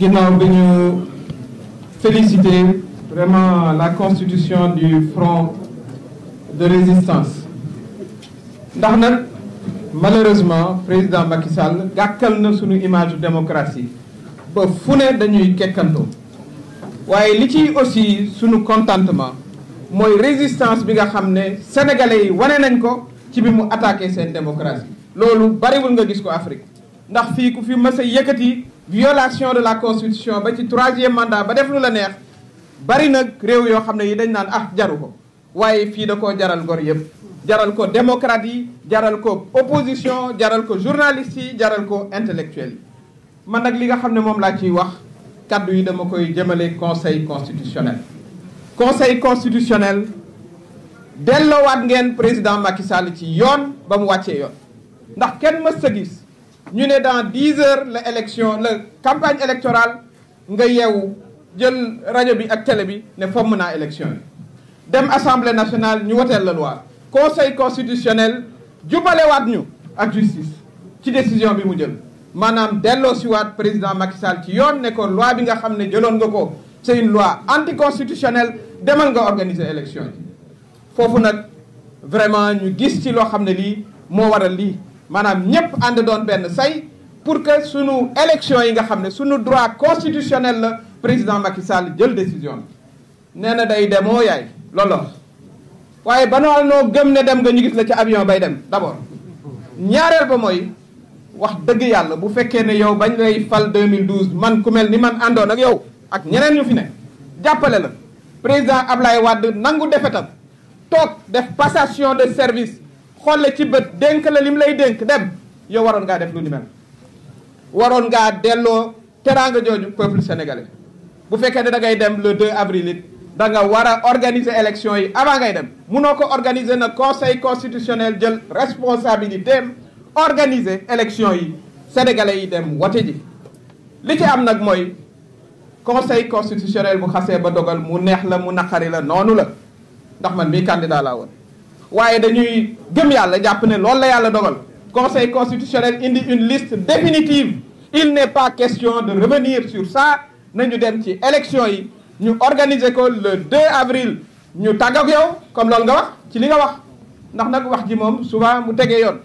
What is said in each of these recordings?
ginnaaw bi ñu féliciter vraiment la constitution du front de résistance ndax nag malheureusement président Macky Sall gàkkal na suñu image démocratie ba fu ne dañuy kekkantoo waaye li ci aussi suñu contentement mooy résistance bi nga xam ne sénégalais yi wane nañ ko ci bi mu attaqué seen démocratie loolu bariwul nga gis ko Afrique ndax fii ku fi mës yëkkati violation de la constitution ba ci troisième mandat ba def lu la neex bari nag réew yoo xam ne yi dañ naan ah jaru ko waaye fii da koo jaral gor yëpp jaral ko démocrate yi jaral ko opposition jaral ko journaliste yi jaral ko intellectuel yi man nag li nga xam ne moom laa ciy wax kaddu yi dama koy jëmale conseil constitutionnel conseil constitutionnel delloowaat ngeen président Macky Sall ci yoon ba mu wàccee yoon ndax kenn mës a gis ñu ne dans dix heures la élection la campagne électorale nga yeewu jël rajo bi ak télé bi ne fomm naa élection yi dem assemblée nationale ñu woteel la loi conseil constitutionnel jubalewaat ñu ak justice ci décision bi mu jël maanaam delloo siwaat président Macky Sall ci yoon ne ko loi bi nga xam ne jëloon nga ko c'est une loi anticonstitutionnelle demal nga organiser élection yi foofu nag vraiment ñu gis ci loo xam ne lii moo waral lii maanaam ñëpp ànd doon benn say pour que suñu élection yi nga xam ne sunu droit constitutionnel la président Macky Sall jël décision nee na day demoo yaay looloo waaye ba noo gëm ne dem nga ñu gis la ci avion bay dem d'abord ñaareel ba mooy wax dëgg yàlla bu fekkee ne yow bañ lay fal 2012 man ku mel ni man àndoon ak yow ak ñeneen ñu fi ne jàppale la président Ablaye Wade nangu defetam toog def passation de service xool la ci bët dénk la lim lay dénk dem yow waroon ngaa def lu ni mel waroon ngaa delloo teraanga jooju peuple sénégalais bu fekkee ne da ngay dem le 2 avril it da nga war a organiser élection yi avant ngay dem munoo ko organiser na conseil constitutionnel jël responsabilité am organiser élection yi sénégalais yi dem wote ji li ci am nag mooy conseil constitutionnel bu xasee ba dogal mu neex la mu naqari la noonu la ndax man mii candidat laa woon waaye dañuy gëm yàlla jàpp ne loolu la yàlla dogal conseil constitutionnel indi une liste définitive il n'est pas question de revenir sur ça nañu dem ci élection yi ñu organiser ko le 2 avril ñu tàgg ak comme loolu nga wax ci li nga wax ndax nag wax ji moom souvent mu tegee yoon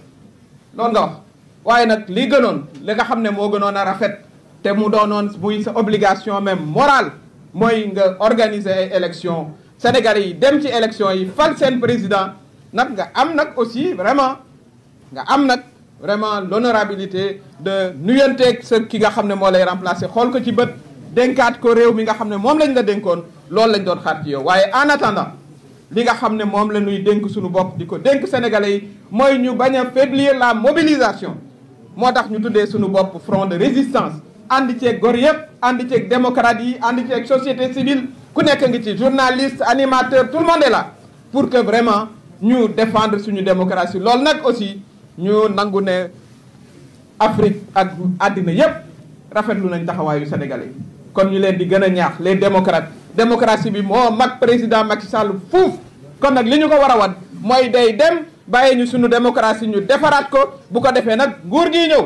loolu nga wax waaye nag li gënoon li nga xam ne moo gënoon a rafet te mu doonoon muy sa obligation même morale mooy nga organiser ay élection Sénégalais yi dem ci élection yi fal seen président nag nga am nag aussi vraiment nga am nag vraiment l'honorabilité de nuyanteeg sa ki nga xam ne moo lay remplacer xool ko ci bët dénkaat ko réew mi nga xam ne moom lañ la dénkoon loolu lañ doon xaar ci yow waaye en attendant li nga xam ne moom la ñuy dénk suñu bopp di ko dénk sénégalais yi mooy ñu bañ a faiblir la mobilisation moo tax ñu tuddee suñu bopp front de résistance ànd ceeg gor yëpp ànd ceeg démocrate yi ànd ceeg société civile ku nekk ngi ci journaliste animateur tout le monde est là pour que vraiment ñu défendre suñu démocratie loolu nag aussi ñu nangu ne Afrique ak àddina yépp rafetlu nañ taxawaayu sénégalais yi kon ñu leen di gën a ñaax les démocrates démocratie bi moo mag président Macky Sall fuuf kon nag li ñu ko war a wan mooy dey dem bàyyi ñu suñu démocratie ñu defaraat ko bu ko defee nag nguur gi ñëw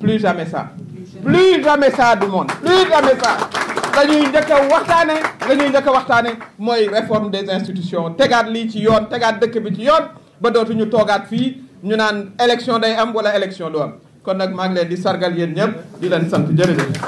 plus jamais ça plus jamais ça du monde plus jamais ça la ñuy njëkk waxtaane la ñuy njëkk a waxtaane mooy réforme des institutions tegaat lii ci yoon tegaat dëkk bi ci yoon ba dootuñu toogaat fii ñu naan élection day am wala élection du am kon nag maa ngi leen di sargal yéen ñëpp di leen sant jërëjëf.